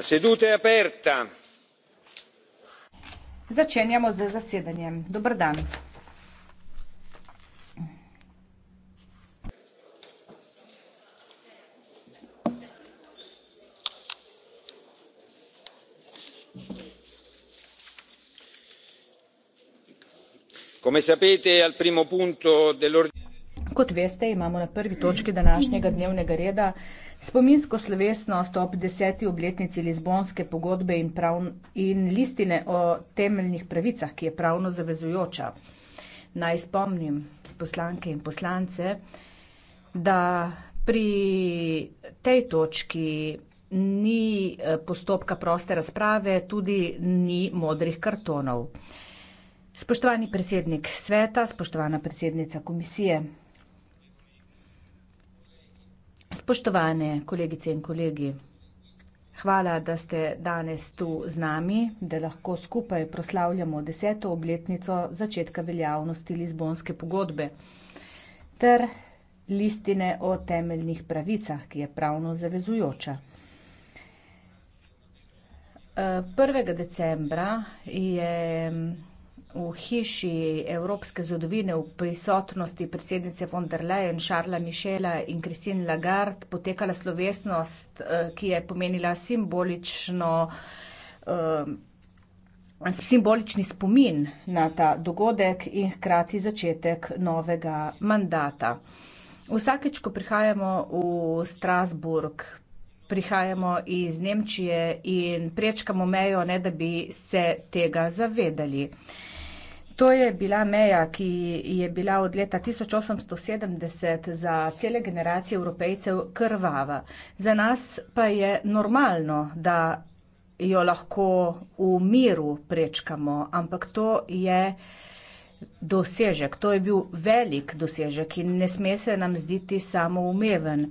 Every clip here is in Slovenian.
La seduta è aperta. Začenjamo z zasedanjem. Dober dan. Come sapete, al primo punto dell'ordine Kot veste, imamo na prvi točki današnjega dnevnega reda spominsko slovesnost ob deseti obletnici Lizbonske pogodbe in, pravn, in listine o temeljnih pravicah, ki je pravno zavezujoča. Naj spomnim poslanke in poslance, da pri tej točki ni eh, postopka proste razprave, tudi ni modrih kartonov. Spoštovani predsednik sveta, spoštovana predsednica komisije, Spoštovane kolegice in kolegi, hvala, da ste danes tu z nami, da lahko skupaj proslavljamo deseto obletnico začetka veljavnosti Lizbonske pogodbe ter listine o temeljnih pravicah, ki je pravno zavezujoča. 1. Eh, decembra je v hiši evropske zgodovine v prisotnosti predsednice von der Leyen, Šarla Mišela in Christine Lagarde potekala slovesnost, eh, ki je pomenila simbolično, eh, simbolični spomin na ta dogodek in hkrati začetek novega mandata. Vsakeč, ko prihajamo v Strasburg, prihajamo iz Nemčije in prečkamo mejo, ne da bi se tega zavedali. To je bila meja, ki je bila od leta 1870 za cele generacije evropejcev krvava. Za nas pa je normalno, da jo lahko v miru prečkamo, ampak to je dosežek, to je bil velik dosežek in ne sme se nam zditi samoumeven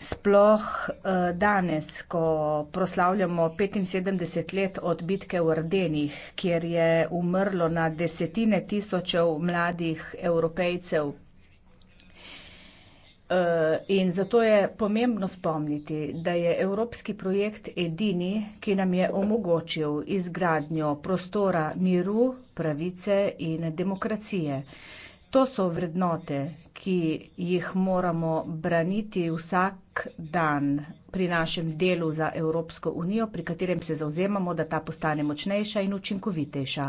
sploh eh, danes, ko proslavljamo 75 let od bitke v Ardenih, kjer je umrlo na desetine tisočev mladih evropejcev. Eh, in zato je pomembno spomniti, da je evropski projekt edini, ki nam je omogočil izgradnjo prostora miru, pravice in demokracije. To so vrednote, ki jih moramo braniti vsak dan pri našem delu za Evropsko unijo, pri katerem se zauzemamo, da ta postane močnejša in učinkovitejša.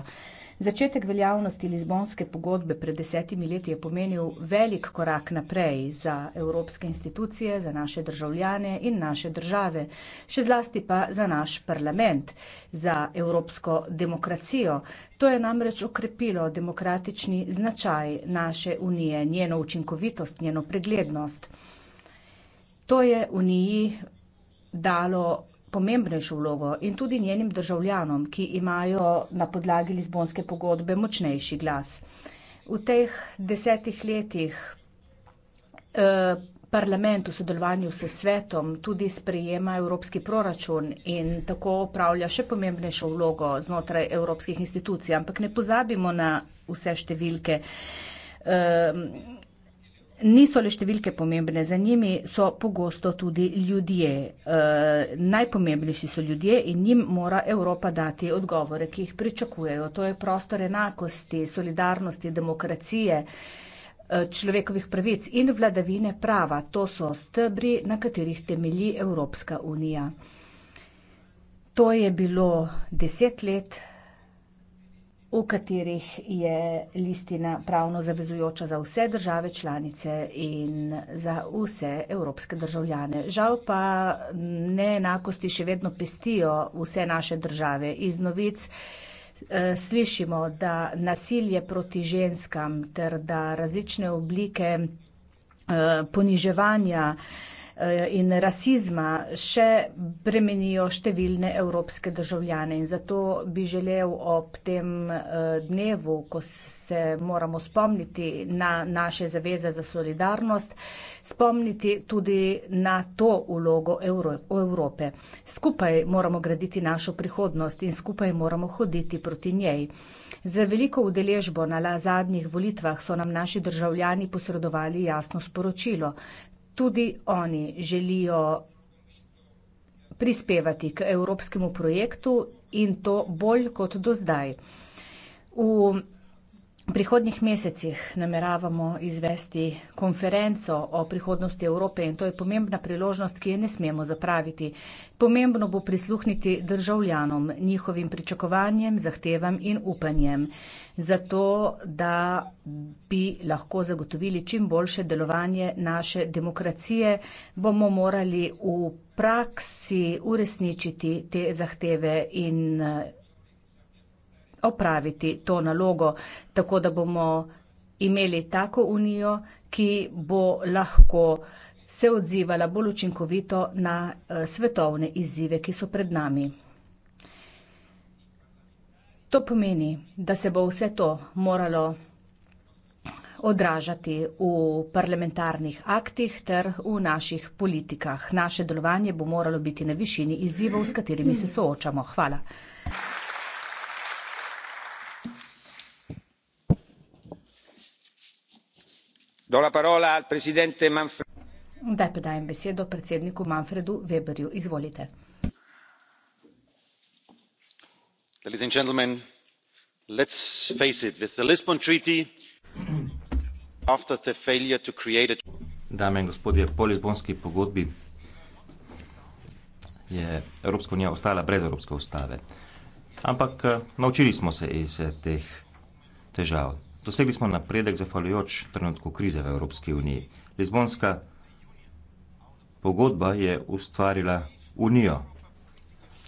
Začetek veljavnosti Lizbonske pogodbe pred desetimi leti je pomenil velik korak naprej za evropske institucije, za naše državljane in naše države, še zlasti pa za naš parlament, za evropsko demokracijo. To je namreč okrepilo demokratični značaj naše unije, njeno učinkovitost, njeno preglednost. To je uniji dalo pomembnejšo vlogo in tudi njenim državljanom, ki imajo na podlagi Lizbonske pogodbe močnejši glas. V teh desetih letih eh, parlament v sodelovanju s svetom tudi sprejema evropski proračun in tako upravlja še pomembnejšo vlogo znotraj evropskih institucij. Ampak ne pozabimo na vse številke. Eh, niso le številke pomembne, za njimi so pogosto tudi ljudje. E, najpomembnejši so ljudje in njim mora Evropa dati odgovore, ki jih pričakujejo. To je prostor enakosti, solidarnosti, demokracije, e, človekovih pravic in vladavine prava. To so stebri, na katerih temelji Evropska unija. To je bilo deset let v katerih je listina pravno zavezujoča za vse države članice in za vse evropske državljane. Žal pa neenakosti še vedno pestijo vse naše države. Iz novic eh, slišimo, da nasilje proti ženskam ter da različne oblike eh, poniževanja Eh, in rasizma še bremenijo številne evropske državljane. In zato bi želel ob tem eh, dnevu, ko se moramo spomniti na naše zaveze za solidarnost, spomniti tudi na to ulogo Evro Evrope. Skupaj moramo graditi našo prihodnost in skupaj moramo hoditi proti njej. Za veliko udeležbo na zadnjih volitvah so nam naši državljani posredovali jasno sporočilo tudi oni želijo prispevati k evropskemu projektu, in to bolj kot do zdaj. V prihodnjih mesecih nameravamo izvesti konferenco o prihodnosti Evrope in to je pomembna priložnost, ki je ne smemo zapraviti. Pomembno bo prisluhniti državljanom, njihovim pričakovanjem, zahtevam in upanjem, zato da bi lahko zagotovili čim boljše delovanje naše demokracije, bomo morali v praksi uresničiti te zahteve in opraviti to nalogo, tako da bomo imeli tako unijo, ki bo lahko se odzivala bolj učinkovito na eh, svetovne izzive, ki so pred nami. To pomeni, da se bo vse to moralo odražati v parlamentarnih aktih ter v naših politikah. Naše delovanje bo moralo biti na višini izzivov, s katerimi se soočamo. Hvala. zdaj pa dajem besedo predsedniku manfredu weberju izvolite. dame in gospodje po lizbonski pogodbi je evropska unija ostala brez evropske ustave ampak eh, naučili smo se iz eh, teh težav Dosegli smo napredek zahvaljujoč trenutku krize v Evropski uniji. Lizbonska pogodba je ustvarila unijo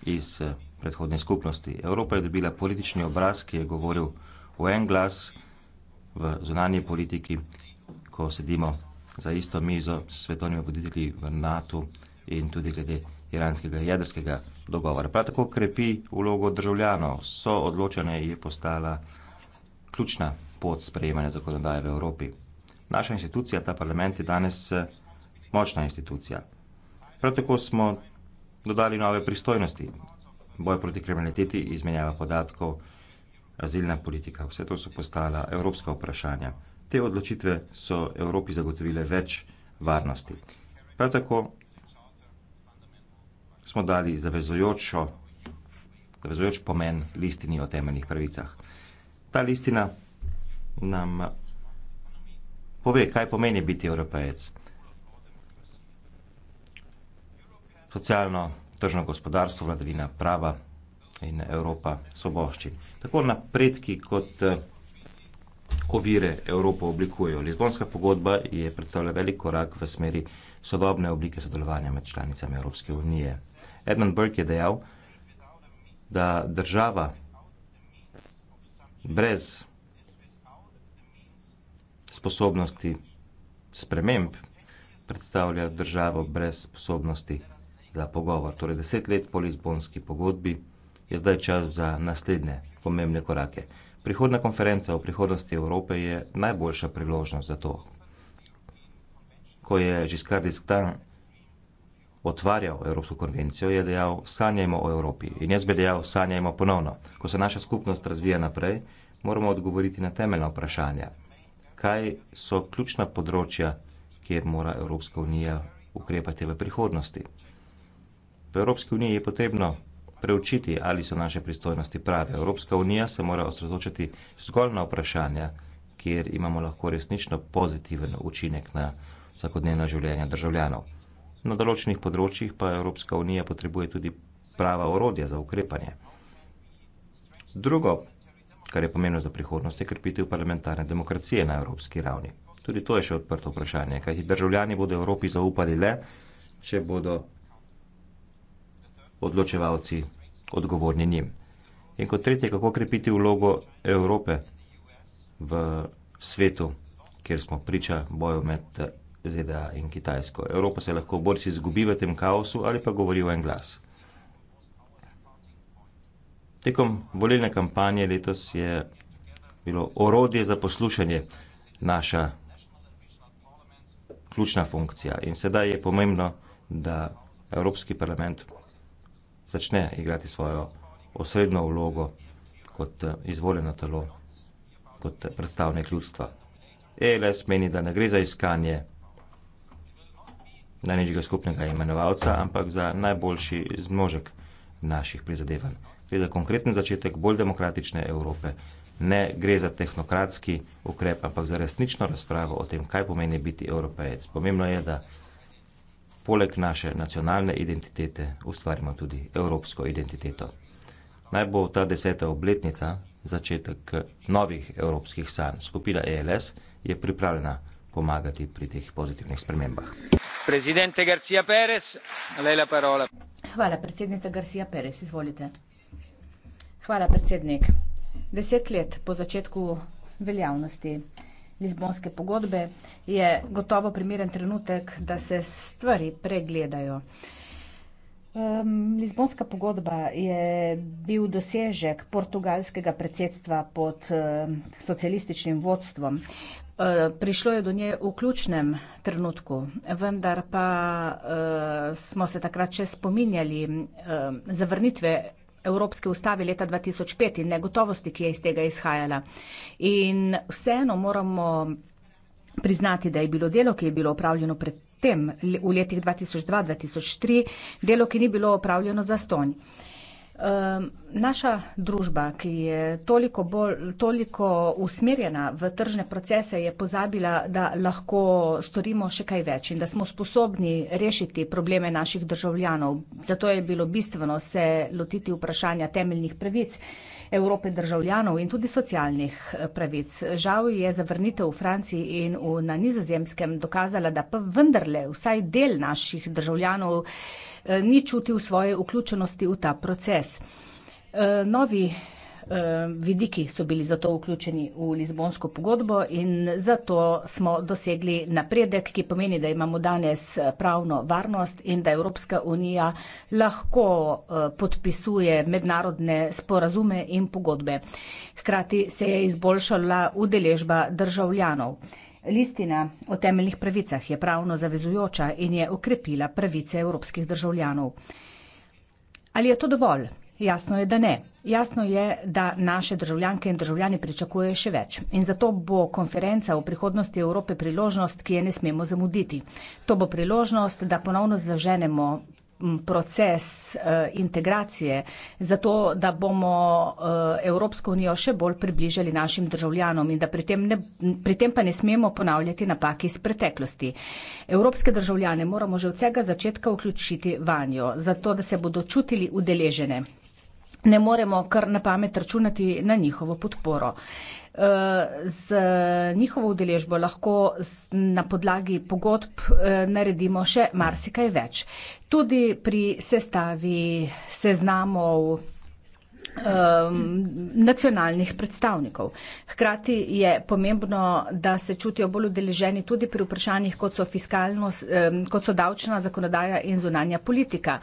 iz eh, predhodne skupnosti. Evropa je dobila politični obraz, ki je govoril v en glas v zunanji politiki, ko sedimo za isto mizo s svetovnimi voditelji v NATO in tudi glede iranskega jedrskega dogovora. Prav tako krepi vlogo državljanov, so odločene je postala ključna pot sprejemanja zakonodaje v Evropi. Naša institucija, ta parlament, je danes eh, močna institucija. Prav tako smo dodali nove pristojnosti. Boj proti kriminaliteti, izmenjava podatkov, azilna politika, vse to so postala evropska vprašanja. Te odločitve so Evropi zagotovile več varnosti. Prav tako smo dali zavezojočo, zavezojoč pomen listini o temeljnih pravicah. Ta listina nam pove, kaj pomeni biti evropejec. Socialno, tržno gospodarstvo, vladavina prava in Evropa soboščin. Tako napredki kot ovire Evropo oblikujejo. Lizbonska pogodba je predstavljala velik korak v smeri sodobne oblike sodelovanja med članicami Evropske unije. Edmund Burke je dejal, da država brez sposobnosti sprememb predstavlja državo brez sposobnosti za pogovor. Torej deset let po Lizbonski pogodbi je zdaj čas za naslednje pomembne korake. Prihodna konferenca o prihodnosti Evrope je najboljša priložnost za to. Ko je Žiskard Iskdan otvarjal Evropsko konvencijo, je dejal, sanjajmo o Evropi. In jaz bi dejal, sanjajmo ponovno. Ko se naša skupnost razvija naprej, moramo odgovoriti na temeljna vprašanja kaj so ključna področja, kjer mora Evropska unija ukrepati v prihodnosti. V Evropski uniji je potrebno preučiti, ali so naše pristojnosti prave. Evropska unija se mora osredotočiti zgolj na vprašanja, kjer imamo lahko resnično pozitiven učinek na vsakodnevna življenja državljanov. Na določenih področjih pa Evropska unija potrebuje tudi prava orodja za ukrepanje. Drugo kar je pomembno za prihodnost je krepitev parlamentarne demokracije na evropski ravni. Tudi to je še odprto vprašanje, kajti državljani bodo Evropi zaupali le, če bodo odločevalci odgovorni njim. In kot tretje, kako krepiti vlogo Evrope v svetu, kjer smo priča boju med ZDA in Kitajsko. Evropa se lahko bolj si izgubi v tem kaosu ali pa govori v en glas. Tekom volilne kampanje letos je bilo orodje za poslušanje naša ključna funkcija in sedaj je pomembno, da Evropski parlament začne igrati svojo osrednjo vlogo kot eh, izvoljeno telo, kot predstavnik ljudstva. ELS meni, da ne gre za iskanje najnižjega skupnega imenovalca, ampak za najboljši zmožek naših prizadevanj gre za konkreten začetek bolj demokratične Evrope. Ne gre za tehnokratski ukrep, ampak za resnično razpravo o tem, kaj pomeni biti evropejec. Pomembno je, da poleg naše nacionalne identitete ustvarimo tudi evropsko identiteto. Naj bo ta deseta obletnica začetek novih evropskih sanj. Skupina ELS je pripravljena pomagati pri teh pozitivnih spremembah. Presidente García Pérez, lei la parola. Hvala, predsednica García Pérez, izvolite. Hvala, predsednik. Deset let po začetku veljavnosti Lizbonske pogodbe je gotovo primeren trenutek, da se stvari pregledajo. Lizbonska pogodba je bil dosežek portugalskega predsedstva pod, socialističnim vodstvom. E, prišlo je do nje v ključnem trenutku, vendar pa, e, smo se takrat še spominjali, zavrnitve Evropske ustave leta 2005 in negotovosti, ki je iz tega izhajala. In vseeno moramo priznati, da je bilo delo, ki je bilo upravljeno pred tem v letih 2002-2003, delo, ki ni bilo upravljeno za stonj. Naša družba, ki je toliko, bolj, toliko usmerjena v tržne procese, je pozabila, da lahko storimo še kaj več in da smo sposobni rešiti probleme naših državljanov. Zato je bilo bistveno se lotiti vprašanja temeljnih pravic Evrope državljanov in tudi socialnih eh, pravic. Žal je zavrnitev v Franciji in v, na nizozemskem dokazala, da pa vendarle vsaj del naših državljanov Eh, ni čutil svoje vključenosti v ta proces. Eh, novi eh, vidiki so bili zato vključeni v Lizbonsko pogodbo in zato smo dosegli napredek, ki pomeni, da imamo danes pravno varnost in da Evropska unija lahko podpisuje mednarodne sporazume in pogodbe. Hkrati se je izboljšala udeležba državljanov. Listina o temeljnih pravicah je pravno zavezujoča in je okrepila pravice evropskih državljanov. Ali je to dovolj? Jasno je, da ne. Jasno je, da naše državljanke in državljani pričakujejo še več. In zato bo konferenca o prihodnosti Evrope priložnost, ki je ne smemo zamuditi. To bo priložnost, da ponovno zaženemo proces eh, integracije, zato da bomo eh, Evropsko unijo še bolj približali našim državljanom in da pri tem ne, pri tem pa ne smemo ponavljati napak iz preteklosti. Evropske državljane moramo že od vsega začetka vključiti vanjo, zato da se bodo čutili udeležene. Ne moremo kar na pamet računati na njihovo podporo z njihovo udeležbo lahko na podlagi pogodb eh, naredimo še marsikaj več. Tudi pri sestavi seznamov ehm, nacionalnih predstavnikov. Hkrati je pomembno, da se čutijo bolj udeleženi tudi pri vprašanjih, kot so fiskalnost, ehm, kot so davčna zakonodaja in zunanja politika.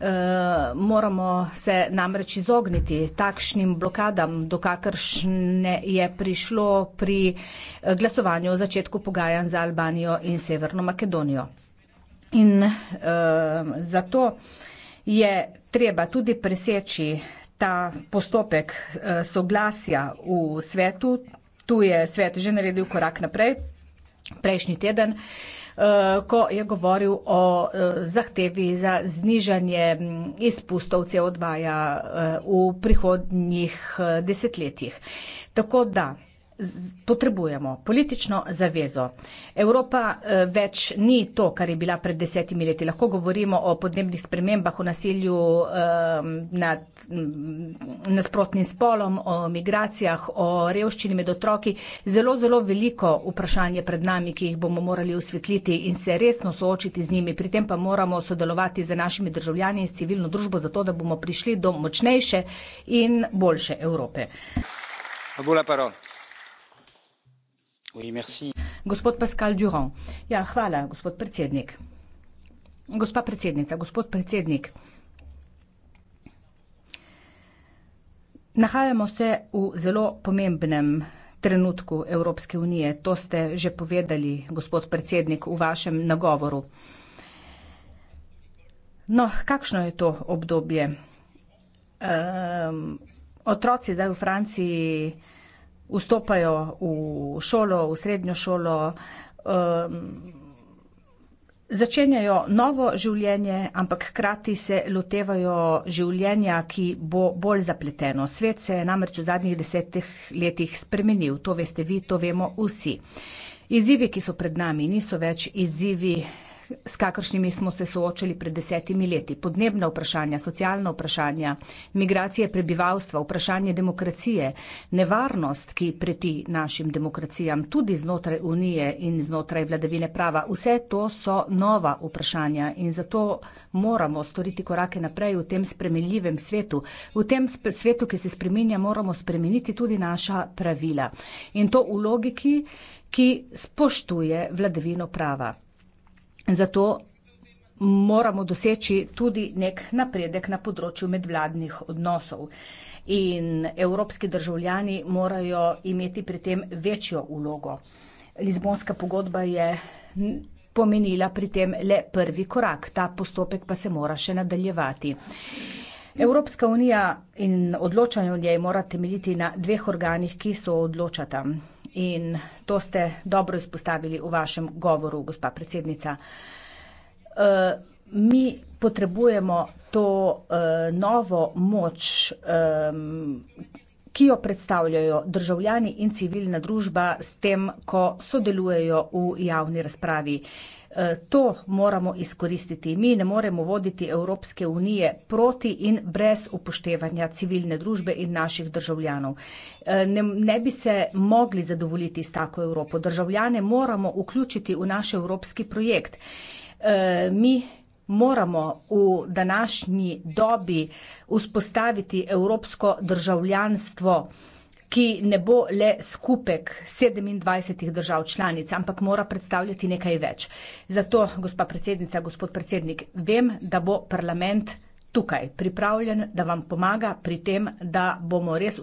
Eh, moramo se namreč izogniti takšnim blokadam, do kakršne je prišlo pri eh, glasovanju o začetku pogajanj za Albanijo in Severno Makedonijo. In uh, zato je treba tudi preseči ta postopek uh, soglasja v svetu. Tu je svet že naredil korak naprej, prejšnji teden. Uh, Eh, ko je govoril o eh, zahtevi za znižanje mm, izpustov CO2 eh, v prihodnjih desetletjih. Tako da, potrebujemo politično zavezo. Evropa eh, več ni to, kar je bila pred desetimi leti. Lahko govorimo o podnebnih spremembah, o nasilju ehm, nad mm, nasprotnim spolom, o migracijah, o revščini med otroki. Zelo, zelo veliko vprašanje pred nami, ki jih bomo morali osvetliti in se resno soočiti z njimi. Pri tem pa moramo sodelovati z našimi državljani in civilno družbo, zato da bomo prišli do močnejše in boljše Evrope. Obula parola. Gospod Pascal Durand. Ja, hvala, gospod predsednik. Gospa predsednica, gospod predsednik. Nahajamo se v zelo pomembnem trenutku Evropske unije. To ste že povedali, gospod predsednik, v vašem nagovoru. No, kakšno je to obdobje? Um, otroci zdaj v Franciji vstopajo v šolo, v srednjo šolo, um, začenjajo novo življenje, ampak hkrati se lotevajo življenja, ki bo bolj zapleteno. Svet se je namreč v zadnjih desetih letih spremenil, to veste vi, to vemo vsi. Izzivi, ki so pred nami, niso več izzivi s kakršnimi smo se soočili pred desetimi leti. Podnebna vprašanja, socialna vprašanja, migracije prebivalstva, vprašanje demokracije, nevarnost, ki preti našim demokracijam, tudi znotraj Unije in znotraj vladavine prava, vse to so nova vprašanja in zato moramo storiti korake naprej v tem spremenljivem svetu. V tem svetu, ki se spreminja, moramo spremeniti tudi naša pravila. In to v logiki, ki spoštuje vladavino prava. Zato moramo doseči tudi nek napredek na področju medvladnih odnosov. In evropski državljani morajo imeti pri tem večjo ulogo. Lizbonska pogodba je pomenila pri tem le prvi korak, ta postopek pa se mora še nadaljevati. Evropska unija in odločanje o njej mora temeljiti na dveh organih, ki soodločata in to ste dobro izpostavili v vašem govoru, gospa predsednica. Eh, mi potrebujemo to eh, novo moč, ki jo predstavljajo državljani in civilna družba s tem, ko sodelujejo v javni razpravi. Eh, to moramo izkoristiti. Mi ne moremo voditi Evropske unije proti in brez upoštevanja civilne družbe in naših državljanov. Eh, ne, ne bi se mogli zadovoljiti s tako Evropo. Državljane moramo vključiti v naš evropski projekt. Eh, mi moramo v današnji dobi vzpostaviti evropsko državljanstvo ki ne bo le skupek 27 držav članic, ampak mora predstavljati nekaj več. Zato, gospa predsednica, gospod predsednik, vem, da bo parlament tukaj pripravljen, da vam pomaga pri tem, da bomo res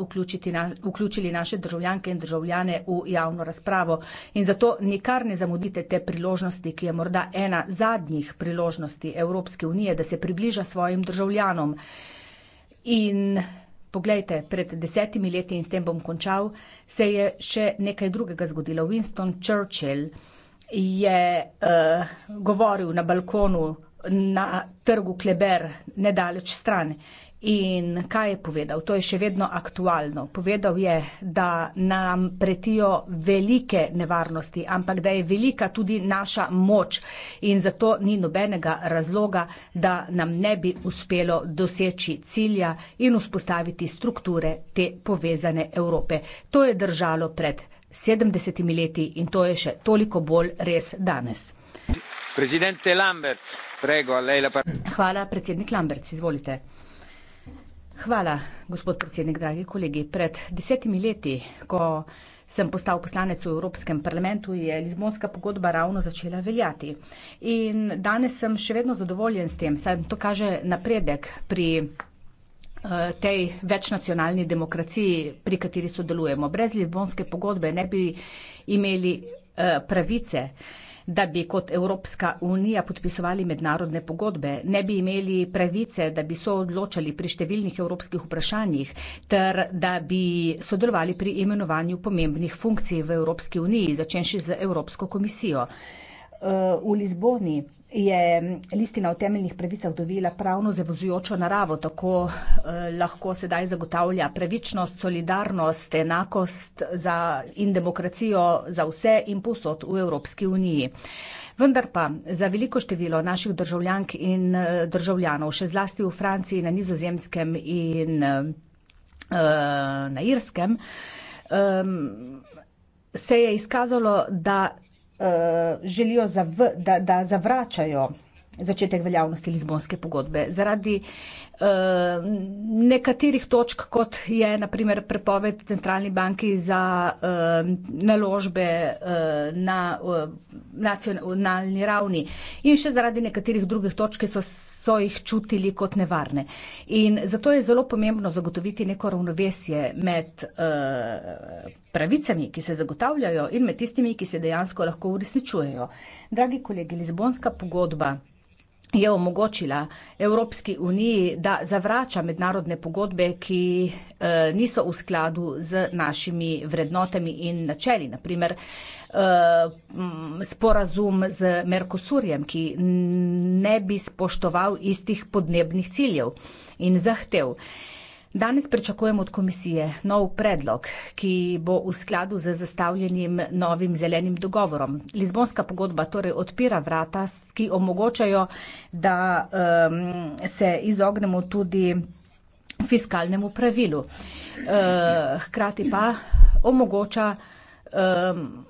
na, vključili naše državljanke in državljane v javno razpravo. In zato nikar ne zamudite te priložnosti, ki je morda ena zadnjih priložnosti Evropske unije, da se približa svojim državljanom. In Poglejte, pred desetimi leti in s tem bom končal, se je še nekaj drugega zgodilo. Winston Churchill je uh, govoril na balkonu na trgu Kleber, nedaleč stran. In kaj je povedal? To je še vedno aktualno. Povedal je, da nam pretijo velike nevarnosti, ampak da je velika tudi naša moč in zato ni nobenega razloga, da nam ne bi uspelo doseči cilja in vzpostaviti strukture te povezane Evrope. To je držalo pred 70 leti in to je še toliko bolj res danes. Predsednik Lambert, prego, lei la Hvala, predsednik Lambert, izvolite. Hvala, gospod predsednik, dragi kolegi. Pred desetimi leti, ko sem postal poslanec v Evropskem parlamentu, je Lizbonska pogodba ravno začela veljati. In danes sem še vedno zadovoljen s tem, saj to kaže napredek pri eh, tej večnacionalni demokraciji, pri kateri sodelujemo. Brez Lizbonske pogodbe ne bi imeli eh, pravice da bi kot Evropska unija podpisovali mednarodne pogodbe, ne bi imeli pravice, da bi so odločali pri številnih evropskih vprašanjih ter da bi sodelovali pri imenovanju pomembnih funkcij v Evropski uniji, začenši z Evropsko komisijo. Eh, v Lizboni je listina o temeljnih pravicah dovila pravno zavezujočo naravo, tako eh, lahko sedaj zagotavlja pravičnost, solidarnost, enakost za in demokracijo za vse in posod v Evropski uniji. Vendar pa za veliko število naših državljank in eh, državljanov, še zlasti v Franciji, na Nizozemskem in eh, na Irskem, se je izkazalo, da Eh, želijo, zav, da, da zavračajo začetek veljavnosti Lizbonske pogodbe. Zaradi uh, nekaterih točk, kot je naprimer prepoved centralni banki za uh, naložbe uh, na uh, nacionalni ravni in še zaradi nekaterih drugih točk, ki so so jih čutili kot nevarne. In zato je zelo pomembno zagotoviti neko ravnovesje med uh, pravicami, ki se zagotavljajo in med tistimi, ki se dejansko lahko uresničujejo. Dragi kolegi, Lizbonska pogodba je omogočila Evropski uniji, da zavrača mednarodne pogodbe, ki e, niso v skladu z našimi vrednotami in načeli. Naprimer, e, eh, sporazum z Merkosurjem, ki ne bi spoštoval istih podnebnih ciljev in zahtev. Danes pričakujem od komisije nov predlog, ki bo v skladu z zastavljenim novim zelenim dogovorom. Lizbonska pogodba torej odpira vrata, ki omogočajo, da um, se izognemo tudi fiskalnemu pravilu. Uh, hkrati pa omogoča um,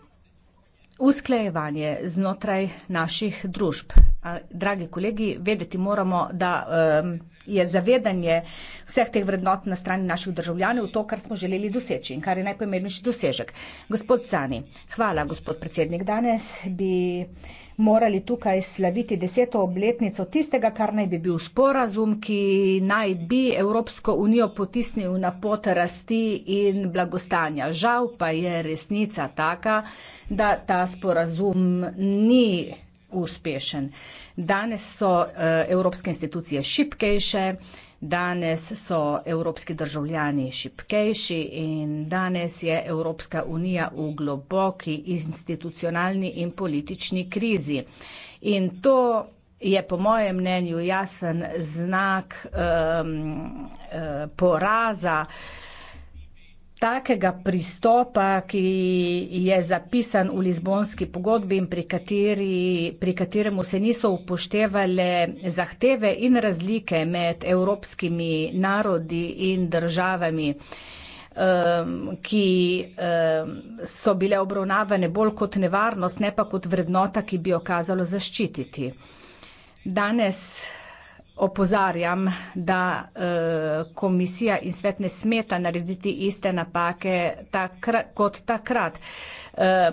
usklajevanje znotraj naših družb. Uh, dragi kolegi, vedeti moramo, da um, je zavedanje vseh teh vrednot na strani naših državljanov, to, kar smo želeli doseči in kar je najpomembnejši dosežek. Gospod Cani, hvala, gospod predsednik. Danes bi morali tukaj slaviti deseto obletnico tistega, kar naj bi bil sporazum, ki naj bi Evropsko unijo potisnil na pot rasti in blagostanja. Žal pa je resnica taka, da ta sporazum ni uspešen. Danes so e, evropske institucije šipkejše, danes so evropski državljani šipkejši in danes je Evropska unija v globoki institucionalni in politični krizi. In to je po mojem mnenju jasen znak um, uh, poraza uh, takega pristopa, ki je zapisan v Lizbonski pogodbi in pri, kateri, pri kateremu se niso upoštevale zahteve in razlike med evropskimi narodi in državami, um, ki um, so bile obravnavane bolj kot nevarnost, ne pa kot vrednota, ki bi jo kazalo zaščititi. Danes opozarjam, da e, komisija in svet ne smeta narediti iste napake takrat, kot takrat. E,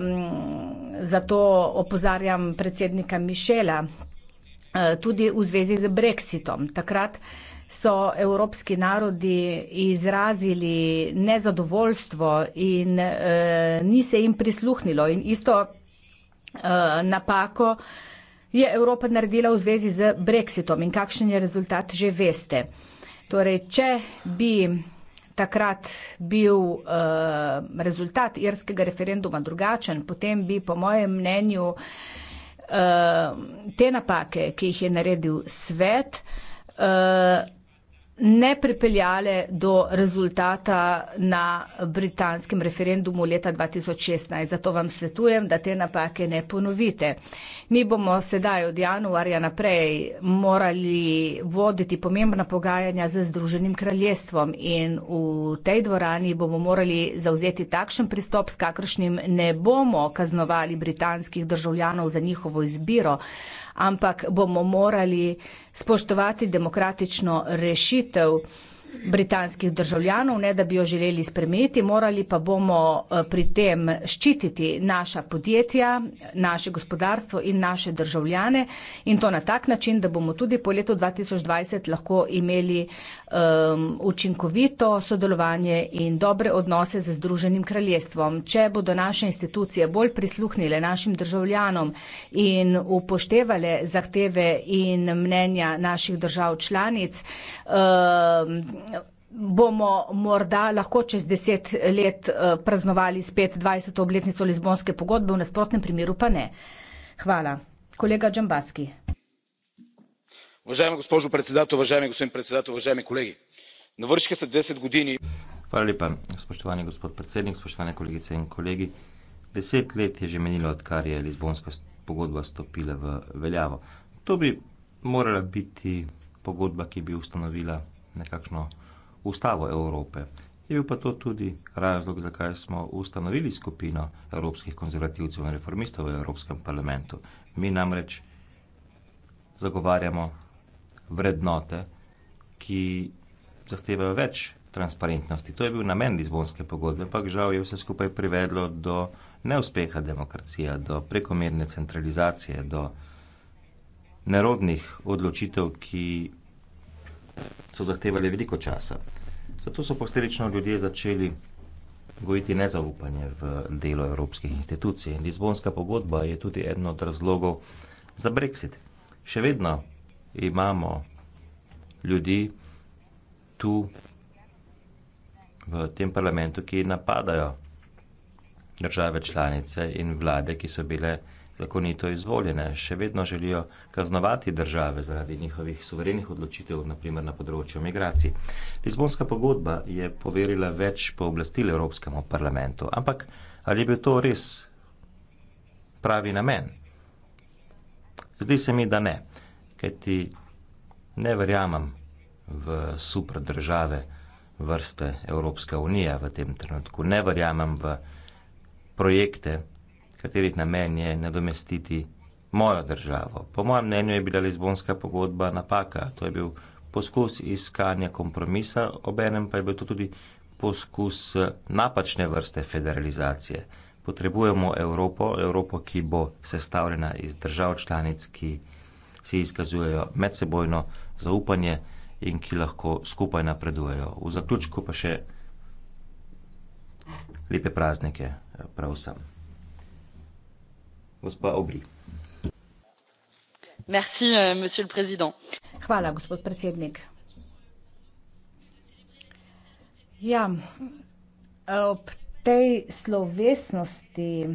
zato opozarjam predsednika Mišela e, tudi v zvezi z Brexitom. Takrat so evropski narodi izrazili nezadovoljstvo in e, ni se jim prisluhnilo in isto e, napako je Evropa naredila v zvezi z brexitom in kakšen je rezultat, že veste. Torej, če bi takrat bil uh, rezultat irskega referenduma drugačen, potem bi po mojem mnenju uh, te napake, ki jih je naredil svet, uh, ne pripeljale do rezultata na britanskem referendumu leta 2016. Zato vam svetujem, da te napake ne ponovite. Mi bomo sedaj od januarja naprej morali voditi pomembna pogajanja z Združenim kraljestvom in v tej dvorani bomo morali zauzeti takšen pristop, s kakršnim ne bomo kaznovali britanskih državljanov za njihovo izbiro, ampak bomo morali spoštovati demokratično rešitev britanskih državljanov, ne da bi jo želeli spremeniti, morali pa bomo eh, pri tem ščititi naša podjetja, naše gospodarstvo in naše državljane in to na tak način, da bomo tudi po letu 2020 lahko imeli um, učinkovito sodelovanje in dobre odnose z Združenim kraljestvom. Če bodo naše institucije bolj prisluhnile našim državljanom in upoštevale zahteve in mnenja naših držav članic, um, bomo morda lahko čez deset let eh, praznovali spet 20. obletnico Lizbonske pogodbe, v nasprotnem primeru pa ne. Hvala. Kolega Džambaski. Уважаема госпожо председател, уважаеми господин председател, уважаеми колеги. Навършиха се 10 години. Hvala lepa, spoštovani gospod predsednik, spoštovane kolegice in kolegi. Deset let je že menilo, odkar je Lizbonska pogodba stopila v veljavo. To bi morala biti pogodba, ki bi ustanovila nekakšno ustavo Evrope. Je bil pa to tudi razlog, zakaj smo ustanovili skupino evropskih konzervativcev in reformistov v Evropskem parlamentu. Mi namreč zagovarjamo vrednote, ki zahtevajo več transparentnosti. To je bil namen Lizbonske pogodbe, ampak žal je vse skupaj privedlo do neuspeha demokracije, do prekomerne centralizacije, do nerodnih odločitev, ki so zahtevali veliko časa. Zato so posledično ljudje začeli gojiti nezaupanje v delo evropskih institucij. Lizbonska pogodba je tudi eden od razlogov za brexit. Še vedno imamo ljudi tu v tem parlamentu, ki napadajo države članice in vlade, ki so bile zakonito izvoljene, še vedno želijo kaznovati države zaradi njihovih suverenih odločitev, naprimer na področju migracij. Lizbonska pogodba je poverila več pooblastil Evropskemu parlamentu, ampak ali je bil to res pravi namen? Zdi se mi, da ne, kajti ne verjamem v super države vrste Evropska unija v tem trenutku, ne verjamem v projekte, katerih namen je nadomestiti mojo državo. Po mojem mnenju je bila Lizbonska pogodba napaka. To je bil poskus iskanja kompromisa, obenem pa je bil to tudi poskus napačne vrste federalizacije. Potrebujemo Evropo, Evropo, ki bo sestavljena iz držav članic, ki si izkazujejo medsebojno zaupanje in ki lahko skupaj napredujejo. V zaključku pa še lepe praznike prav vsem. Euh, hvala gospod predsednik ja ob tej slovesnosti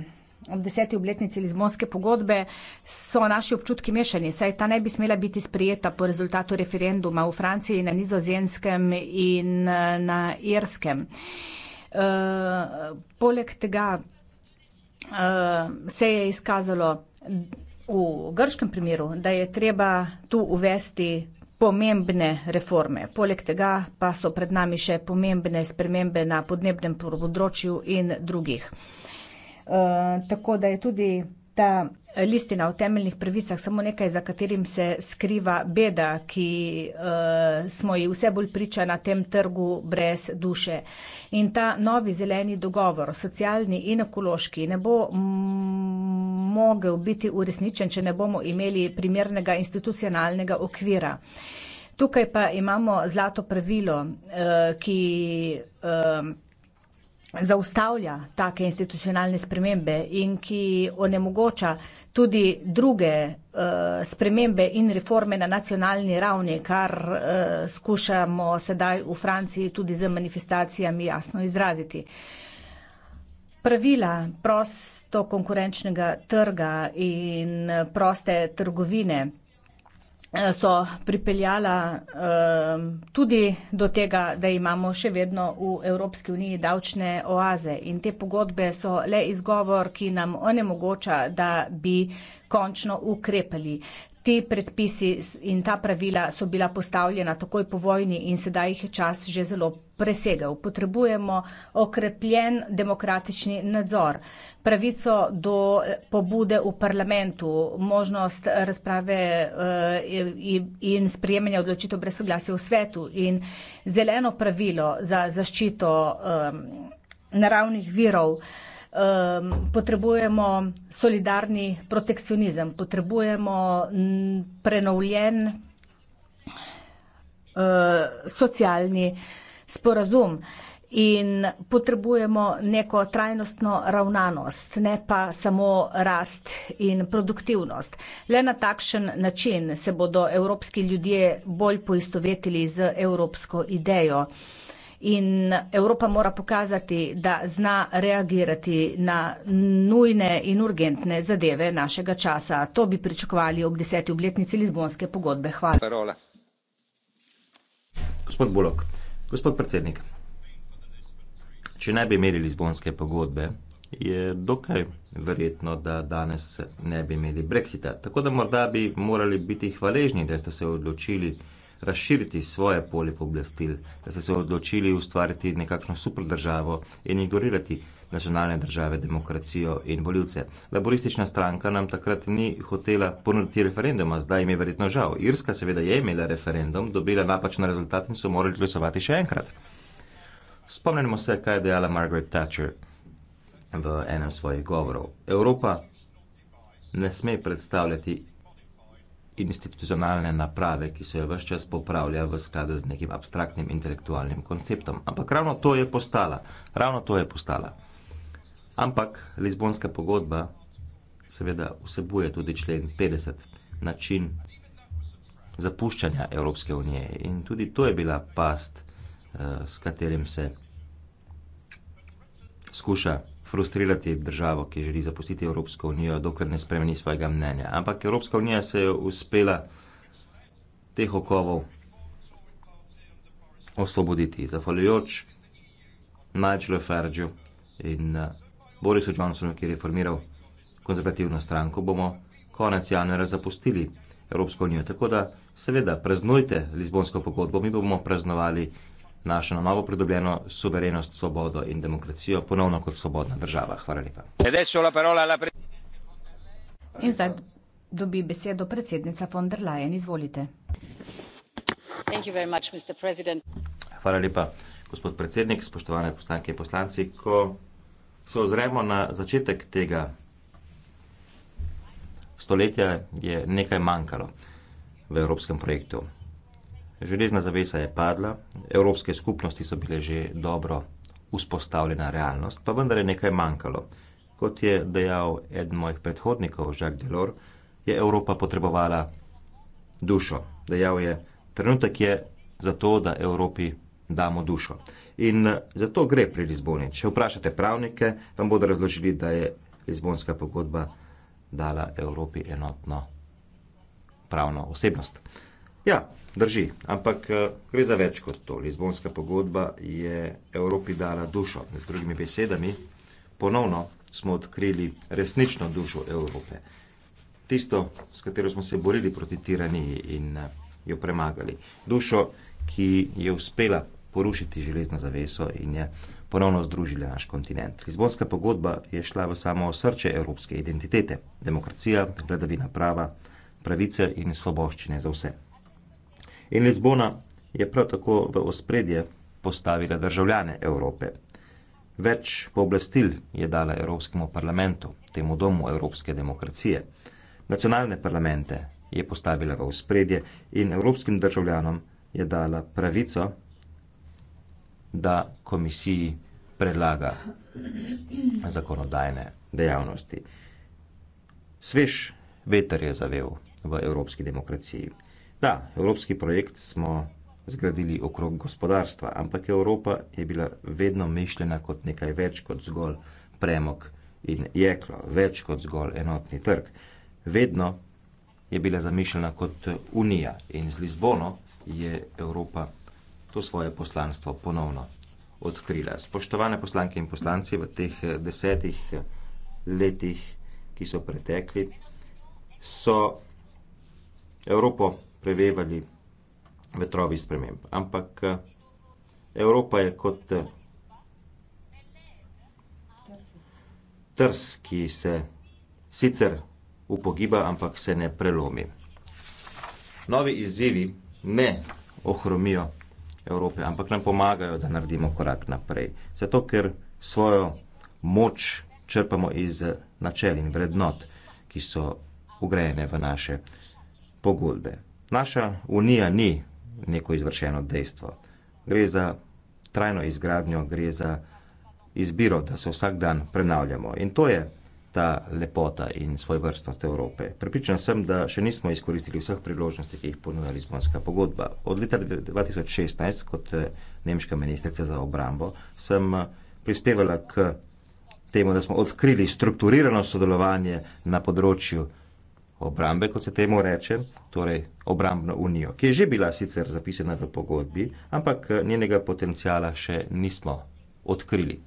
ob deseti obletnici lizbonske pogodbe so naši občutki mešani, saj ta naj bi smela biti sprejeta po rezultatu referenduma v Franciji, na Nizozemskem in eh, na Irskem. Eh, poleg tega Eh, se je izkazalo v grškem primeru, da je treba tu uvesti pomembne reforme. Poleg tega pa so pred nami še pomembne spremembe na podnebnem področju in drugih. Uh, tako da je tudi ta listina o temeljnih pravicah samo nekaj, za katerim se skriva beda, ki eh, smo ji vse bolj priča na tem trgu brez duše. In ta novi zeleni dogovor, socialni in ekološki, ne bo mogel biti uresničen, če ne bomo imeli primernega institucionalnega okvira. Tukaj pa imamo zlato pravilo, eh, ki eh, zaustavlja take institucionalne spremembe in ki onemogoča tudi druge, eh, spremembe in reforme na nacionalni ravni, kar, eh, skušamo sedaj v Franciji tudi z manifestacijami jasno izraziti. Pravila prostokonkurenčnega trga in eh, proste trgovine Eh, so pripeljala uh, tudi do tega, da imamo še vedno v Evropski uniji davčne oaze. In te pogodbe so le izgovor, ki nam onemogoča, da bi končno ukrepali ti predpisi in ta pravila so bila postavljena takoj po vojni in sedaj jih je čas že zelo presegel. Potrebujemo okrepljen demokratični nadzor, pravico do eh, pobude v parlamentu, možnost razprave, eh, in sprejemanja odločitev brez soglasja v svetu in zeleno pravilo za zaščito, ehm, naravnih virov um, potrebujemo solidarni protekcionizem, potrebujemo mm, prenovljen uh, socialni sporazum in potrebujemo neko trajnostno ravnanost, ne pa samo rast in produktivnost. Le na takšen način se bodo evropski ljudje bolj poistovetili z evropsko idejo in Evropa mora pokazati, da zna reagirati na nujne in urgentne zadeve našega časa. To bi pričakovali ob deseti obletnici Lizbonske pogodbe. Hvala. Parola. Gospod Bulok, gospod predsednik, če ne bi imeli Lizbonske pogodbe, je dokaj verjetno, da danes ne bi imeli Brexita. Tako da morda bi morali biti hvaležni, da ste se odločili razširiti svoje polje pooblastil, da ste se odločili ustvariti nekakšno super državo in ignorirati nacionalne države, demokracijo in voljivce. Laboristična stranka nam takrat ni hotela ponuditi referenduma, zdaj jim je verjetno žal. Irska seveda je imela referendum, dobila napačen rezultat in so morali glasovati še enkrat. Spomnimo se, kaj je dejala Margaret Thatcher v enem svojih govorov. Evropa ne sme predstavljati institucionalne naprave, ki se jo vse čas popravlja v skladu z nekim abstraktnim intelektualnim konceptom. Ampak ravno to je postala. Ravno to je postala. Ampak Lizbonska pogodba seveda vsebuje tudi člen 50, način zapuščanja Evropske unije. In tudi to je bila past, eh, s katerim se skuša frustrirati državo, ki želi zapustiti Evropsko unijo, dokler ne spremeni svojega mnenja. Ampak Evropska unija se je uspela teh okovov osvoboditi, zahvaljujoč Nigelu Ferdžu in eh, Borisu Johnsonu, ki je reformiral konzervativno stranko, bomo konec januarja zapustili Evropsko unijo. Tako da, seveda, preznujte Lizbonsko pogodbo, mi bomo praznovali našo na novo pridobljeno suverenost, svobodo in demokracijo ponovno kot svobodna država. Hvala lepa. In zdaj dobi besedo predsednica von der Leyen. Izvolite. Hvala lepa, gospod predsednik, spoštovane poslanke in poslanci. Ko se ozremo na začetek tega stoletja, je nekaj manjkalo v evropskem projektu železna zavesa je padla, evropske skupnosti so bile že dobro vzpostavljena realnost, pa vendar je nekaj manjkalo. Kot je dejal eden mojih predhodnikov, Jacques Delors, je Evropa potrebovala dušo. Dejal je, trenutek je za to, da Evropi damo dušo. In zato gre pri Lizboni. Če vprašate pravnike, vam bodo razložili, da je Lizbonska pogodba dala Evropi enotno pravno osebnost. Ja, drži, ampak eh, gre za več kot to. Lizbonska pogodba je Evropi dala dušo. Z drugimi besedami, ponovno smo odkrili resnično dušo Evrope. Tisto, s katero smo se borili proti tiraniji in eh, jo premagali. Dušo, ki je uspela porušiti železno zaveso in je ponovno združila naš kontinent. Lizbonska pogodba je šla v samo srce evropske identitete. Demokracija, vladavina prava, pravice in svoboščine za vse in Lizbona je prav tako v ospredje postavila državljane Evrope. Več pooblastil je dala Evropskemu parlamentu, temu domu evropske demokracije. Nacionalne parlamente je postavila v ospredje in evropskim državljanom je dala pravico, da komisiji predlaga zakonodajne dejavnosti. Svež veter je zavel v evropski demokraciji. Da, evropski projekt smo zgradili okrog gospodarstva, ampak Evropa je bila vedno mišljena kot nekaj več kot zgolj premog in jeklo, več kot zgolj enotni trg. Vedno je bila zamišljena kot unija in z Lizbono je Evropa to svoje poslanstvo ponovno odkrila. Spoštovane poslanke in poslanci, v teh desetih letih, ki so pretekli, so Evropo prevevali vetrovi sprememb. Ampak eh, Evropa je kot eh, trs, ki se sicer upogiba, ampak se ne prelomi. Novi izzivi ne ohromijo Evrope, ampak nam pomagajo, da naredimo korak naprej. Zato, ker svojo moč črpamo iz eh, načel in vrednot, ki so ugrajene v naše pogodbe. Naša unija ni neko izvršeno dejstvo. Gre za trajno izgradnjo, gre za izbiro, da se vsak dan prenavljamo. In to je ta lepota in svoj vrstnost Evrope. Pripričan sem, da še nismo izkoristili vseh priložnosti, ki jih ponuja Lizbonska pogodba. Od leta 2016, kot eh, nemška ministrica za obrambo, sem eh, prispevala k temu, da smo odkrili strukturirano sodelovanje na področju obrambe, kot se temu reče, torej obrambno unijo, ki je že bila sicer zapisana v pogodbi, ampak eh, njenega potencijala še nismo odkrili.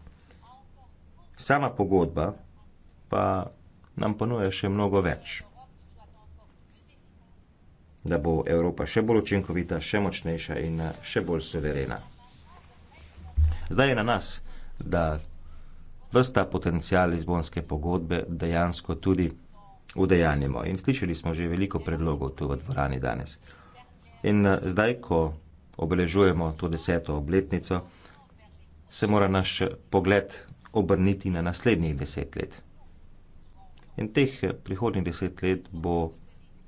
Sama pogodba pa nam ponuja še mnogo več. Da bo Evropa še bolj učinkovita, še močnejša in eh, še bolj suverena. Zdaj je na nas, da vsta potencijal izbonske pogodbe dejansko tudi udejanjimo. In slišali smo že veliko predlogov tu v dvorani danes. In eh, zdaj, ko obeležujemo to deseto obletnico, se mora naš pogled obrniti na naslednjih deset let. In teh eh, prihodnjih deset let bo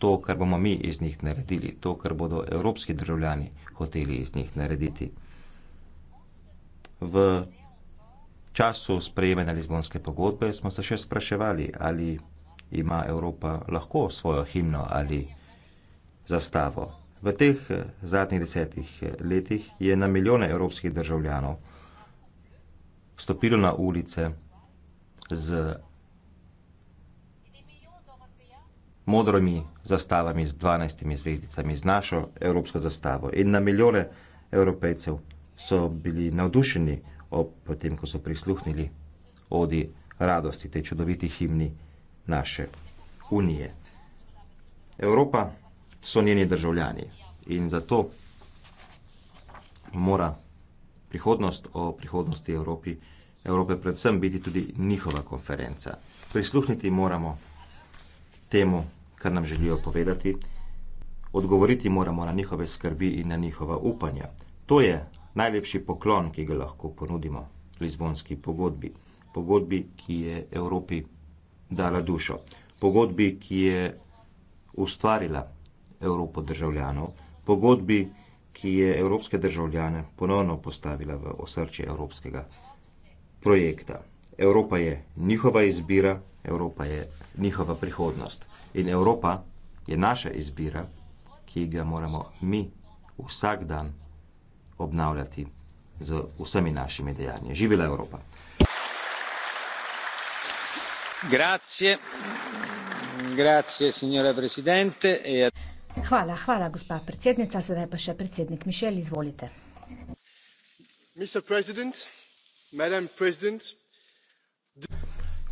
to, kar bomo mi iz njih naredili, to, kar bodo evropski državljani hoteli iz njih narediti. V času sprejemanja Lizbonske pogodbe smo se še spraševali, ali ima Evropa lahko svojo himno ali zastavo. V teh eh, zadnjih desetih eh, letih je na milijone evropskih državljanov stopilo na ulice z modrimi zastavami, z 12 zvezdicami, z našo evropsko zastavo. In na milijone evropejcev so bili navdušeni ob tem, ko so prisluhnili odi radosti, te čudoviti himni naše unije. Evropa so njeni državljani in zato mora prihodnost o prihodnosti Evropi, Evrope predvsem biti tudi njihova konferenca. Prisluhniti moramo temu, kar nam želijo povedati, odgovoriti moramo na njihove skrbi in na njihova upanja. To je najlepši poklon, ki ga lahko ponudimo Lizbonski pogodbi, pogodbi, ki je Evropi dala dušo. Pogodbi, ki je ustvarila Evropo državljanov, pogodbi, ki je evropske državljane ponovno postavila v osrče evropskega projekta. Evropa je njihova izbira, Evropa je njihova prihodnost. In Evropa je naša izbira, ki ga moramo mi vsak dan obnavljati z vsemi našimi dejanji. Živela Evropa! E hvala gospa predsednica sedaj pa še predsednik michel izvolite.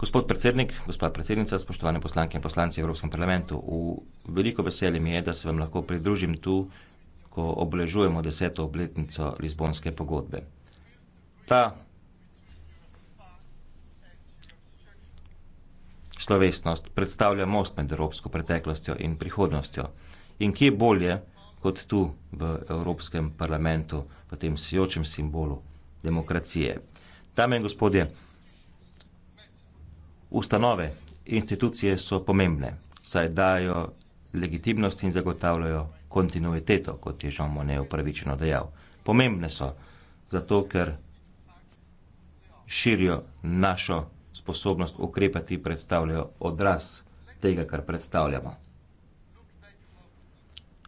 gospod predsednik gospa predsednica spoštovane poslanke in poslanci v evropskem parlamentu v veliko veselje mi je da se vam lahko pridružim tu ko obeležujemo deseto obletnico lizbonske pogodbe. ta slovesnost predstavlja most med evropsko preteklostjo in prihodnostjo. In kje bolje, kot tu v Evropskem parlamentu, v tem sijočem simbolu demokracije. Dame in gospodje, ustanove, institucije so pomembne, saj dajo legitimnost in zagotavljajo kontinuiteto, kot je Jean Monnet upravičeno dejal. Pomembne so, zato ker širijo našo sposobnost ukrepati predstavljajo odraz tega, kar predstavljamo.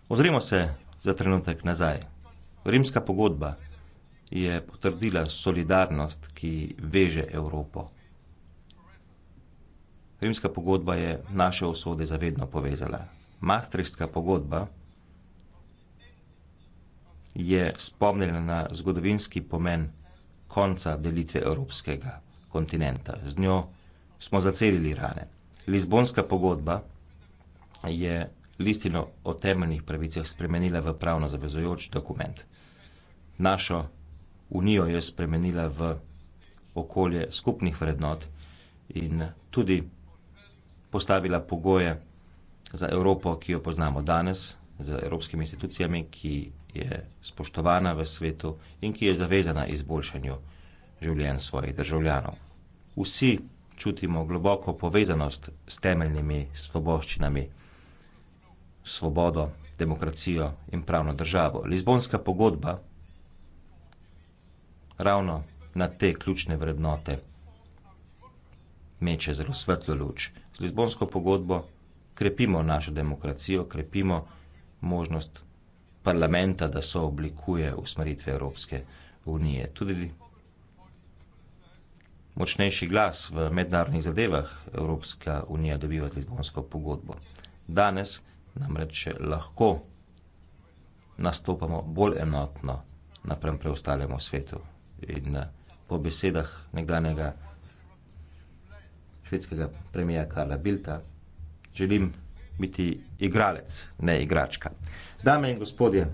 Ozrimo se za trenutek nazaj. Rimska pogodba je potrdila solidarnost, ki veže Evropo. Rimska pogodba je naše usode zavedno povezala. Maastrichtska pogodba je spomnila na zgodovinski pomen konca delitve evropskega kontinenta. Z njo smo zacelili rane. Lizbonska pogodba je listino o temeljnih pravicah spremenila v pravno zavezojoč dokument. Našo unijo je spremenila v okolje skupnih vrednot in tudi postavila pogoje za Evropo, ki jo poznamo danes, z evropskimi institucijami, ki je spoštovana v svetu in ki je zavezana izboljšanju življenj svojih državljanov. Vsi čutimo globoko povezanost s temeljnimi svoboščinami, svobodo, demokracijo in pravno državo. Lizbonska pogodba ravno na te ključne vrednote meče zelo svetlo luč. Z Lizbonsko pogodbo krepimo našo demokracijo, krepimo možnost parlamenta, da so oblikuje usmeritve Evropske unije. Tudi močnejši glas v mednarodnih zadevah Evropska unija dobiva z Lizbonsko pogodbo. Danes namreč lahko nastopamo bolj enotno naprem preostalemu svetu. In eh, po besedah nekdanjega švedskega premija Karla Bilta želim biti igralec, ne igračka. Dame in gospodje,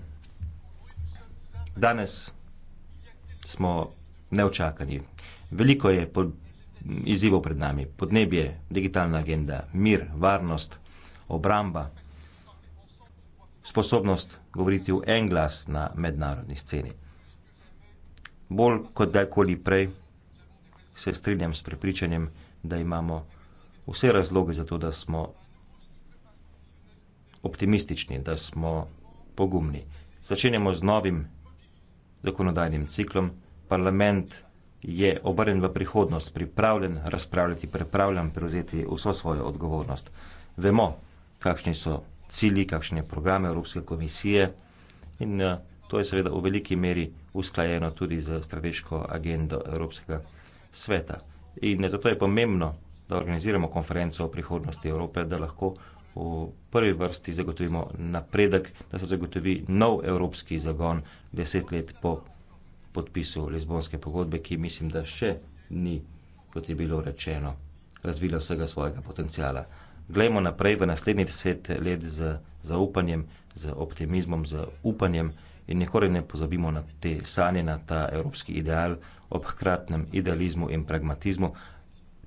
danes smo neočakani. Veliko je po, izzivov pred nami. Podnebje, digitalna agenda, mir, varnost, obramba, sposobnost govoriti v en glas na mednarodni sceni. Bolj kot dajkoli prej se strinjam s prepričanjem, da imamo vse razloge za to, da smo optimistični, da smo pogumni. Začenjamo z novim zakonodajnim ciklom. Parlament je obrnen v prihodnost, pripravljen razpravljati, pripravljen prevzeti vso svojo odgovornost. Vemo, kakšni so cilji, kakšne je programe Evropske komisije in eh, to je seveda v veliki meri usklajeno tudi z strateško agendo Evropskega sveta. In eh, zato je pomembno, da organiziramo konferenco o prihodnosti Evrope, da lahko v prvi vrsti zagotovimo napredek, da se zagotovi nov evropski zagon deset let po podpisu Lizbonske pogodbe, ki mislim, da še ni, kot je bilo rečeno, razvila vsega svojega potencijala. Glejmo naprej v naslednjih deset let z zaupanjem, z optimizmom, z upanjem in nikoli ne pozabimo na te sanje, na ta evropski ideal ob hkratnem idealizmu in pragmatizmu,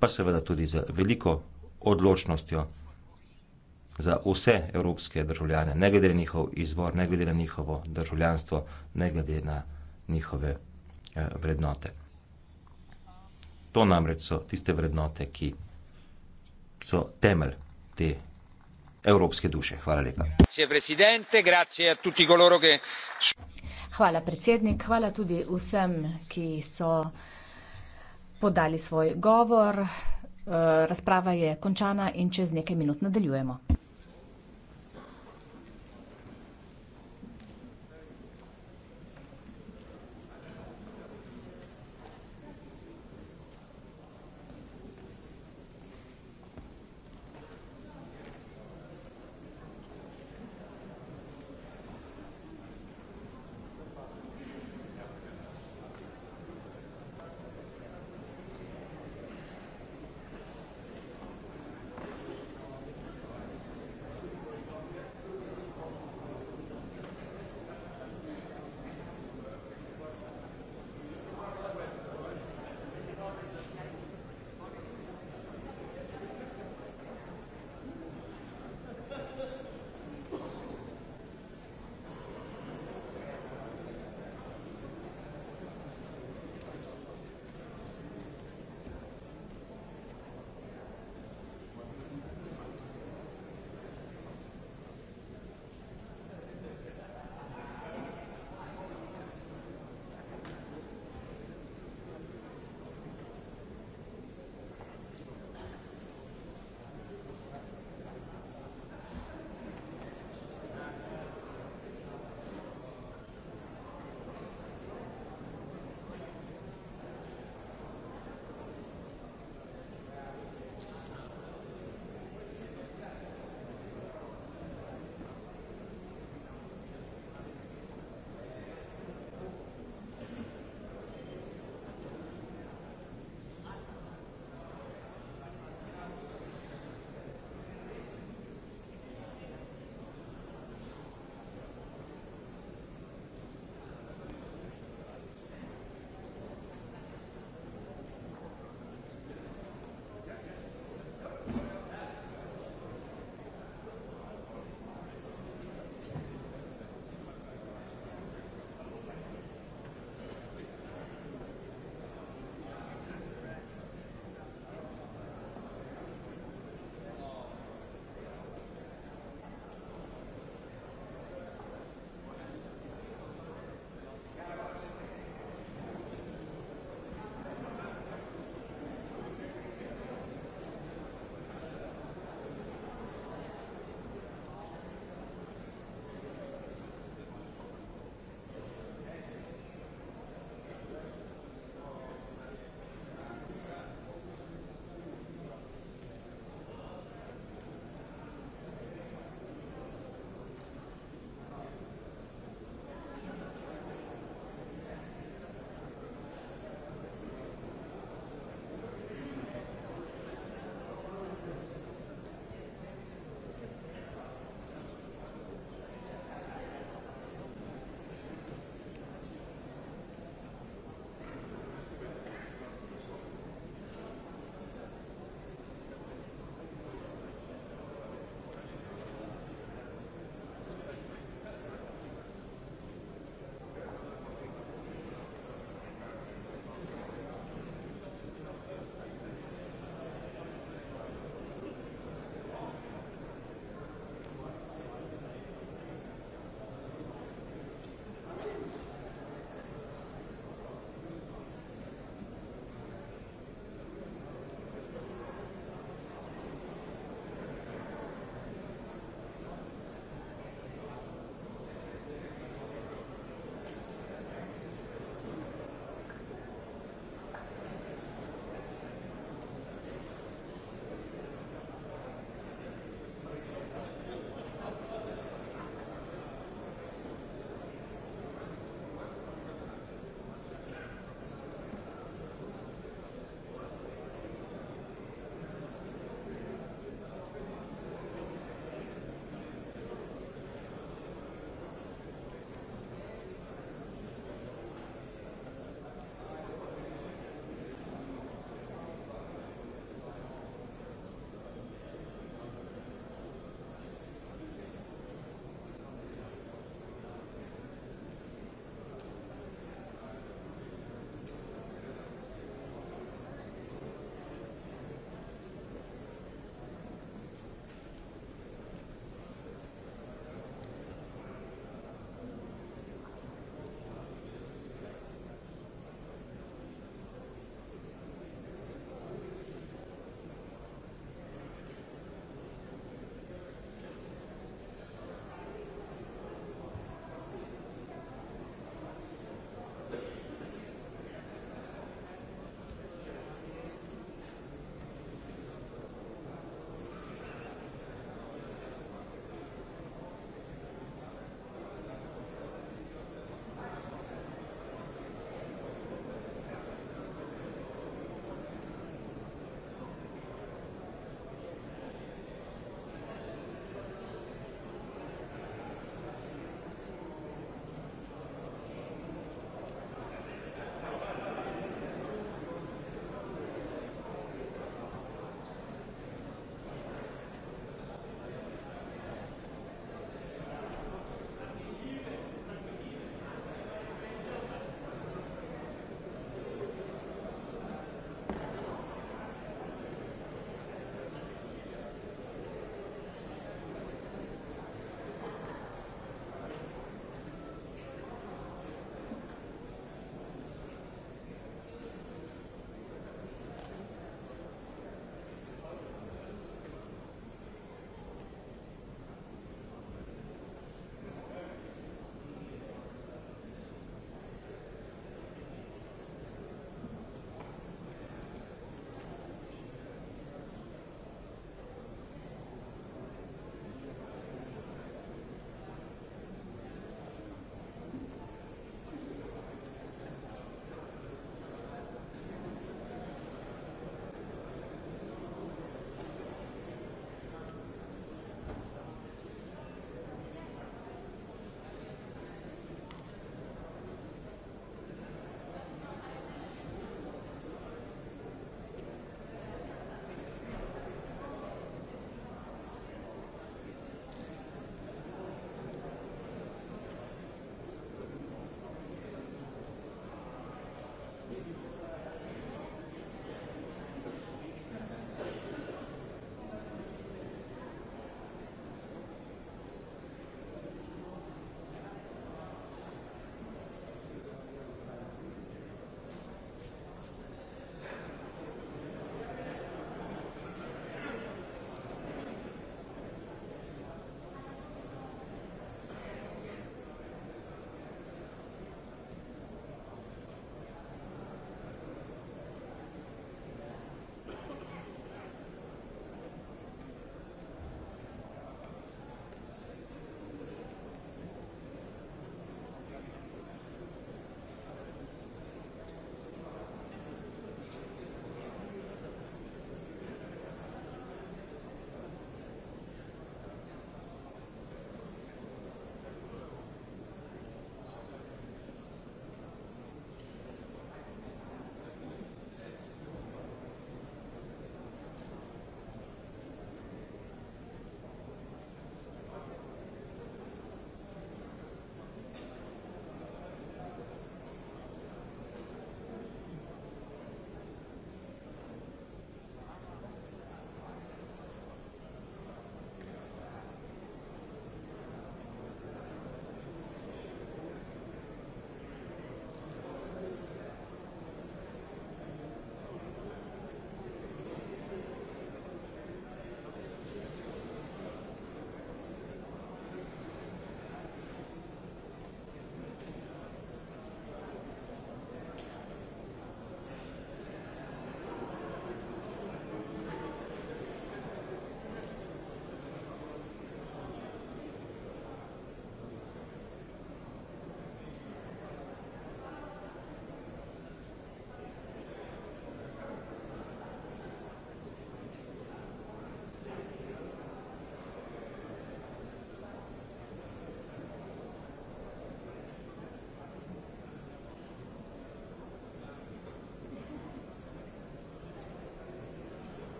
pa seveda tudi z veliko odločnostjo za vse evropske državljane, ne glede na njihov izvor, ne glede na njihovo državljanstvo, ne glede na njihove eh, vrednote. To namreč so tiste vrednote, ki so temelj te evropske duše. Hvala lepa. Hvala predsednik, hvala tudi vsem, ki so podali svoj govor. Eh, razprava je končana in čez nekaj minut nadaljujemo.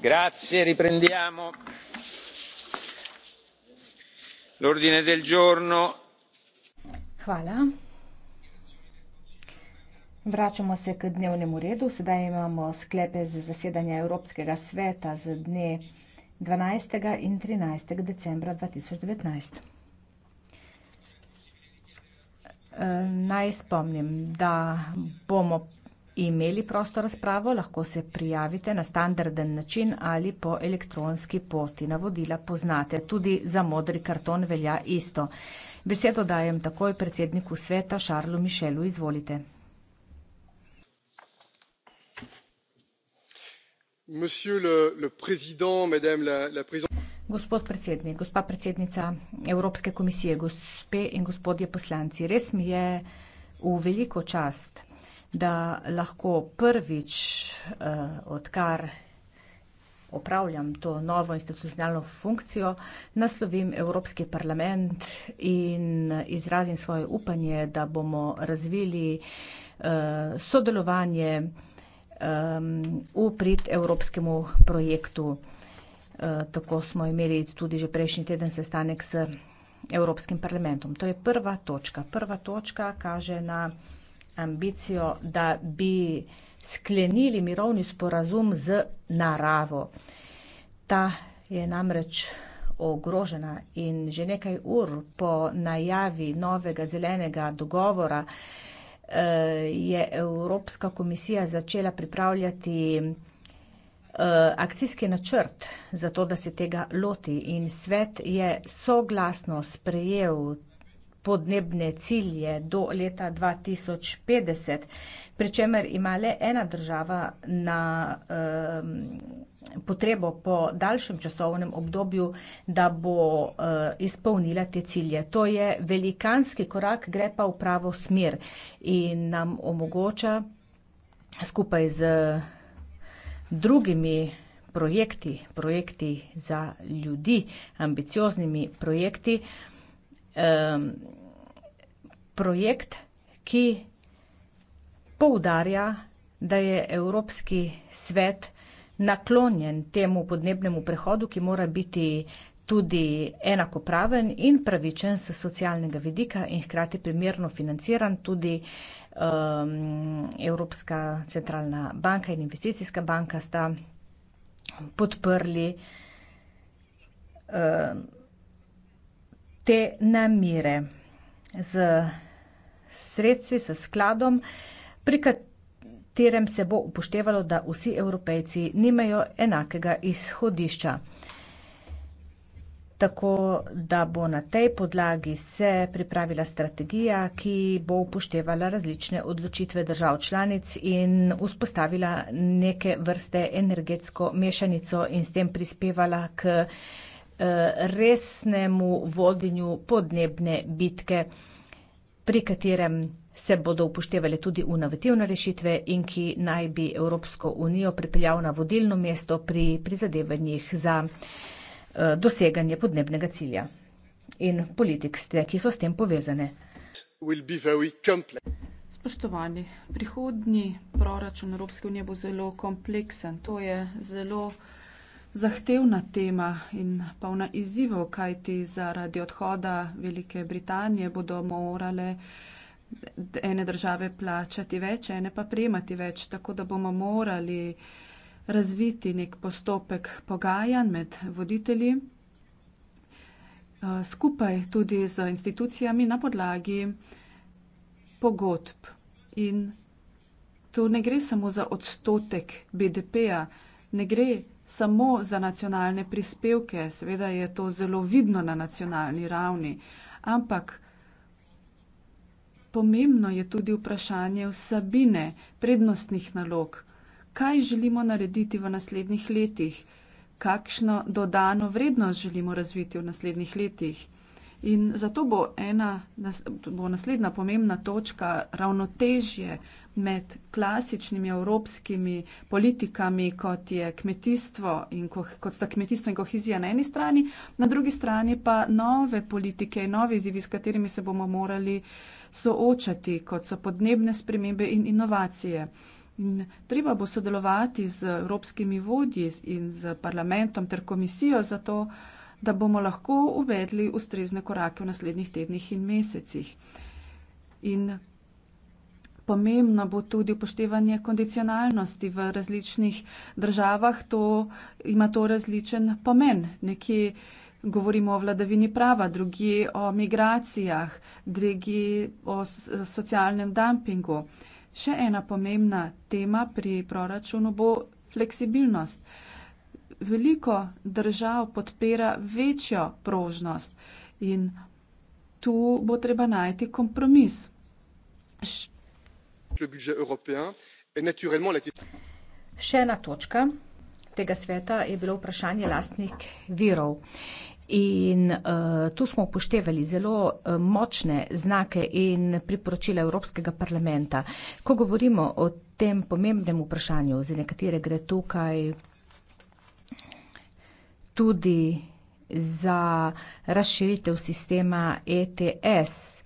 grazie riprendiamo l'ordine del giorno hvala vračamo se k dnevnemu redu sedaj imamo sklepe za zasedanje evropskega sveta za dne dvanajstega in trinajstega decembra dva tisoč devetnajst eh, naj spomnim da bomo imeli prosto razpravo, lahko se prijavite na standarden način ali po elektronski poti. Navodila poznate, tudi za modri karton velja isto. Besedo dajem takoj predsedniku sveta Šarlu Mišelu, izvolite. Gospod predsednik, gospa predsednica Evropske komisije, gospe in gospodje poslanci, res mi je v veliko čast, da lahko prvič, eh, odkar opravljam to novo institucionalno funkcijo, naslovim Evropski parlament in izrazim svoje upanje, da bomo razvili eh, sodelovanje v prid evropskemu projektu. Eh, tako smo imeli tudi že prejšnji teden sestanek s Evropskim parlamentom. To je prva točka. Prva točka kaže na ambicijo, da bi sklenili mirovni sporazum z naravo. Ta je namreč ogrožena in že nekaj ur po najavi novega zelenega dogovora eh, je Evropska komisija začela pripravljati eh, akcijski načrt za to, da se tega loti in svet je soglasno sprejel podnebne cilje do leta 2050, pri čemer ima le ena država na um, potrebo po daljšem časovnem obdobju, da bo uh, izpolnila te cilje. To je velikanski korak, gre pa v pravo smer in nam omogoča skupaj z drugimi projekti, projekti za ljudi, ambicioznimi projekti, uh, projekt, ki poudarja, da je Evropski svet naklonjen temu podnebnemu prehodu, ki mora biti tudi enakopraven in pravičen s socialnega vidika in hkrati primerno financiran tudi um, Evropska centralna banka in investicijska banka sta podprli um, te namere z sredstvi, s skladom, pri katerem se bo upoštevalo, da vsi Evropejci nimajo enakega izhodišča. Tako da bo na tej podlagi se pripravila strategija, ki bo upoštevala različne odločitve držav članic in vzpostavila neke vrste energetsko mešanico in s tem prispevala k Eh, resnemu vodenju podnebne bitke, pri katerem se bodo upoštevali tudi inovativne rešitve in ki naj bi Evropsko unijo pripeljal na vodilno mesto pri prizadevanjih za eh, doseganje podnebnega cilja in politik, ki so s tem povezane. Spoštovani, prihodnji proračun Evropske unije bo zelo kompleksen, to je zelo zahtevna tema in polna izzivov, kajti zaradi odhoda Velike Britanije bodo morale ene države plačati več, ene pa prejemati več, tako da bomo morali razviti nek postopek pogajanj med voditelji eh, skupaj tudi z institucijami na podlagi pogodb. In to ne gre samo za odstotek BDP-a, ne gre samo za nacionalne prispevke, seveda je to zelo vidno na nacionalni ravni, ampak pomembno je tudi vprašanje vsebine prednostnih nalog. Kaj želimo narediti v naslednjih letih? Kakšno dodano vrednost želimo razviti v naslednjih letih? In zato bo, ena, bo naslednja pomembna točka ravnotežje med klasičnimi evropskimi politikami, kot, kmetijstvo kot sta kmetijstvo in kohezija na eni strani, na drugi strani pa nove politike in nove izzivi, s katerimi se bomo morali soočati, kot so podnebne spremembe in inovacije. In treba bo sodelovati z evropskimi vodji in z parlamentom ter komisijo za to, da da bomo lahko uvedli ustrezne korake v naslednjih tednih in mesecih. In pomembno bo tudi upoštevanje kondicionalnosti v različnih državah. To ima to različen pomen. Nekje govorimo o vladavini prava, drugi o migracijah, drugi o socialnem dampingu. Še ena pomembna tema pri proračunu bo fleksibilnost veliko držav podpira večjo prožnost in tu bo treba najti kompromis. Še ena točka tega sveta je bilo vprašanje lastnih virov. In uh, tu smo upoštevali zelo uh, močne znake in priporočila Evropskega parlamenta. Ko govorimo o tem pomembnem vprašanju, za nekatere gre tukaj tudi za razširitev sistema ETS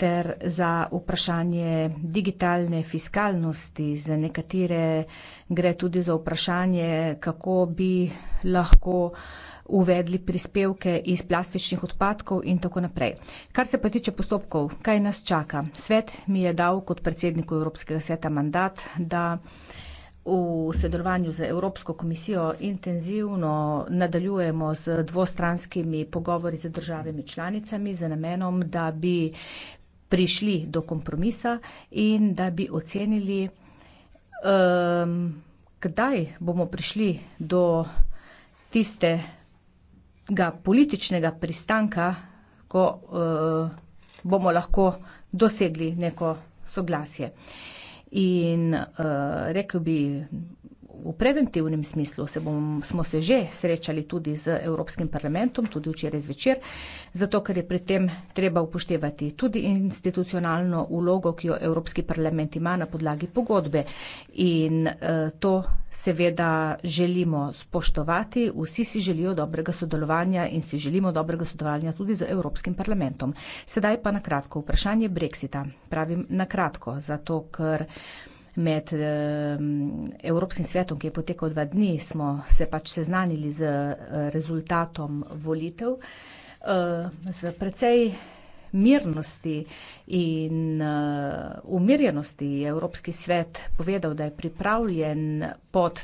ter za vprašanje digitalne fiskalnosti. Za nekatere gre tudi za vprašanje, kako bi lahko uvedli prispevke iz plastičnih odpadkov in tako naprej. Kar se pa tiče postopkov, kaj nas čaka? Svet mi je dal kot predsedniku Evropskega sveta mandat, da V sodelovanju z Evropsko komisijo intenzivno nadaljujemo z dvostranskimi pogovori z državami članicami z namenom, da bi prišli do kompromisa in da bi ocenili, um, kdaj bomo prišli do tistega političnega pristanka, ko uh, bomo lahko dosegli neko soglasje in, eh, rekel bi, v preventivnem smislu se bom, smo se že srečali tudi z Evropskim parlamentom, tudi včeraj zvečer, zato ker je pri tem treba upoštevati tudi institucionalno ulogo, ki jo Evropski parlament ima na podlagi pogodbe. In uh, to seveda želimo spoštovati, vsi si želijo dobrega sodelovanja in si želimo dobrega sodelovanja tudi z Evropskim parlamentom. Sedaj pa na kratko vprašanje Brexita. Pravim na kratko, zato ker. Med ehm, Evropskim svetom, ki je potekal dva dni, smo se pač seznanili z eh, rezultatom volitev. Eh, z precej mirnosti in eh, umirjenosti je Evropski svet povedal, da je pripravljen pod